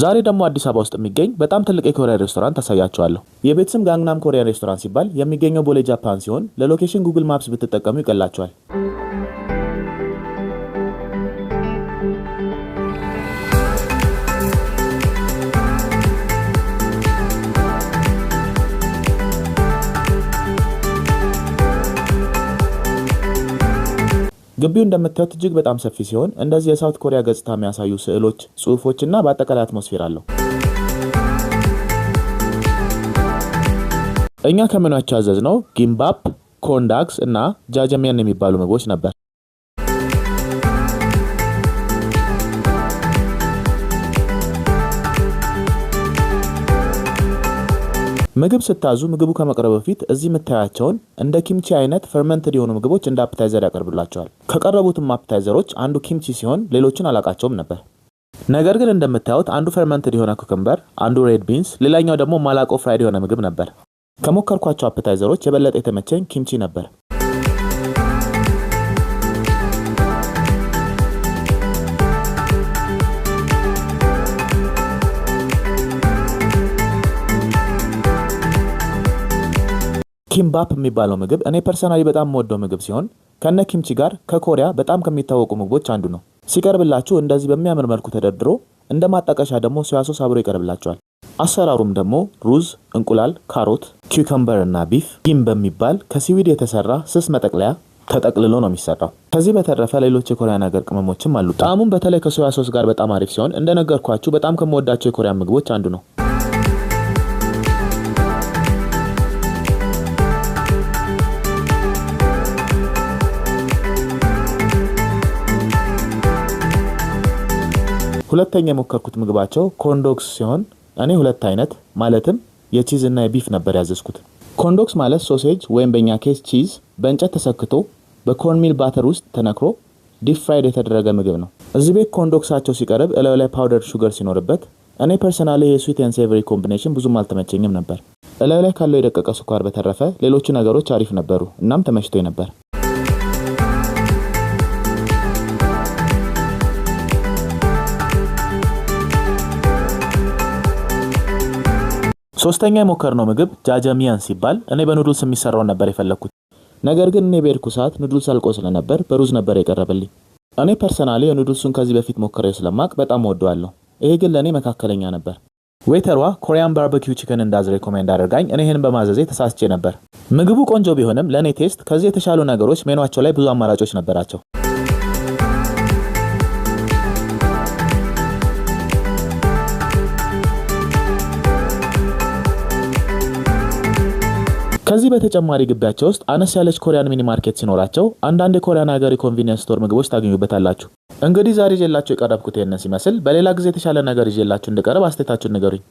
ዛሬ ደግሞ አዲስ አበባ ውስጥ የሚገኝ በጣም ትልቅ የኮሪያ ሬስቶራንት ታሳያቸዋለሁ። የቤት ስም ጋንግናም ኮሪያን ሬስቶራንት ሲባል የሚገኘው ቦሌ ጃፓን ሲሆን ለሎኬሽን ጉግል ማፕስ ብትጠቀሙ ይቀላቸዋል። ግቢው እንደምታዩት እጅግ በጣም ሰፊ ሲሆን እንደዚህ የሳውት ኮሪያ ገጽታ የሚያሳዩ ስዕሎች፣ ጽሁፎች እና በአጠቃላይ አትሞስፌር አለው። እኛ ከምናቸው ነው ጊምባፕ፣ ኮንዳክስ እና ጃጀሚያን የሚባሉ ምግቦች ነበር። ምግብ ስታዙ ምግቡ ከመቅረብ በፊት እዚህ የምታያቸውን እንደ ኪምቺ አይነት ፈርመንትድ የሆኑ ምግቦች እንደ አፕታይዘር ያቀርብላቸዋል። ከቀረቡትም አፕታይዘሮች አንዱ ኪምቺ ሲሆን ሌሎችን አላቃቸውም ነበር። ነገር ግን እንደምታዩት አንዱ ፈርመንትድ የሆነ ኩክምበር፣ አንዱ ሬድ ቢንስ፣ ሌላኛው ደግሞ ማላቆ ፍራይድ የሆነ ምግብ ነበር። ከሞከርኳቸው አፕታይዘሮች የበለጠ የተመቸኝ ኪምቺ ነበር። ኪምባፕ የሚባለው ምግብ እኔ ፐርሰናሊ በጣም የምወደው ምግብ ሲሆን ከነ ኪምቺ ጋር ከኮሪያ በጣም ከሚታወቁ ምግቦች አንዱ ነው። ሲቀርብላችሁ እንደዚህ በሚያምር መልኩ ተደርድሮ እንደ ማጣቀሻ ደግሞ ሶያ ሶስ አብሮ ይቀርብላቸዋል። አሰራሩም ደግሞ ሩዝ፣ እንቁላል፣ ካሮት፣ ኪውከምበር እና ቢፍ ጊም በሚባል ከሲዊድ የተሰራ ስስ መጠቅለያ ተጠቅልሎ ነው የሚሰራው። ከዚህ በተረፈ ሌሎች የኮሪያ ነገር ቅመሞችም አሉ። ጣዕሙም በተለይ ከሶያ ሶስ ጋር በጣም አሪፍ ሲሆን እንደነገርኳችሁ በጣም ከምወዳቸው የኮሪያ ምግቦች አንዱ ነው። ሁለተኛ የሞከርኩት ምግባቸው ኮንዶክስ ሲሆን እኔ ሁለት አይነት ማለትም የቺዝ እና የቢፍ ነበር ያዘዝኩት። ኮንዶክስ ማለት ሶሴጅ ወይም በእኛ ኬስ ቺዝ በእንጨት ተሰክቶ በኮርንሚል ባተር ውስጥ ተነክሮ ዲፍራይድ የተደረገ ምግብ ነው። እዚህ ቤት ኮንዶክሳቸው ሲቀርብ እላዩ ላይ ፓውደር ሹገር ሲኖርበት፣ እኔ ፐርሰናሊ የስዊት ኤን ሴቨሪ ኮምቢኔሽን ብዙም አልተመቸኝም ነበር። እላዩ ላይ ካለው የደቀቀ ስኳር በተረፈ ሌሎቹ ነገሮች አሪፍ ነበሩ፣ እናም ተመችቶኝ ነበር። ሶስተኛ የሞከርነው ምግብ ጃጃሚያን ሲባል እኔ በኑዱልስ የሚሰራውን ነበር የፈለግኩት። ነገር ግን እኔ በሄድኩ ሰዓት ኑዱልስ አልቆ ስለነበር በሩዝ ነበር የቀረበልኝ። እኔ ፐርሰናሊ የኑዱልሱን ከዚህ በፊት ሞክሬው ስለማቅ በጣም ወደዋለሁ። ይሄ ግን ለእኔ መካከለኛ ነበር። ዌተሯ ኮሪያን ባርበኪው ቺክን እንዳዝ ሬኮሜንድ አድርጋኝ እኔ ይህን በማዘዜ ተሳስቼ ነበር። ምግቡ ቆንጆ ቢሆንም ለእኔ ቴስት ከዚህ የተሻሉ ነገሮች ሜኗቸው ላይ ብዙ አማራጮች ነበራቸው። ከዚህ በተጨማሪ ግቢያቸው ውስጥ አነስ ያለች ኮሪያን ሚኒ ማርኬት ሲኖራቸው አንዳንድ የኮሪያን ሀገር የኮንቬኒየንስ ስቶር ምግቦች ታገኙበታላችሁ። እንግዲህ ዛሬ ይዤላችሁ የቀረብኩት ይህንን ሲመስል፣ በሌላ ጊዜ የተሻለ ነገር ይዤላችሁ እንድቀርብ አስተያየታችሁን ንገሩኝ።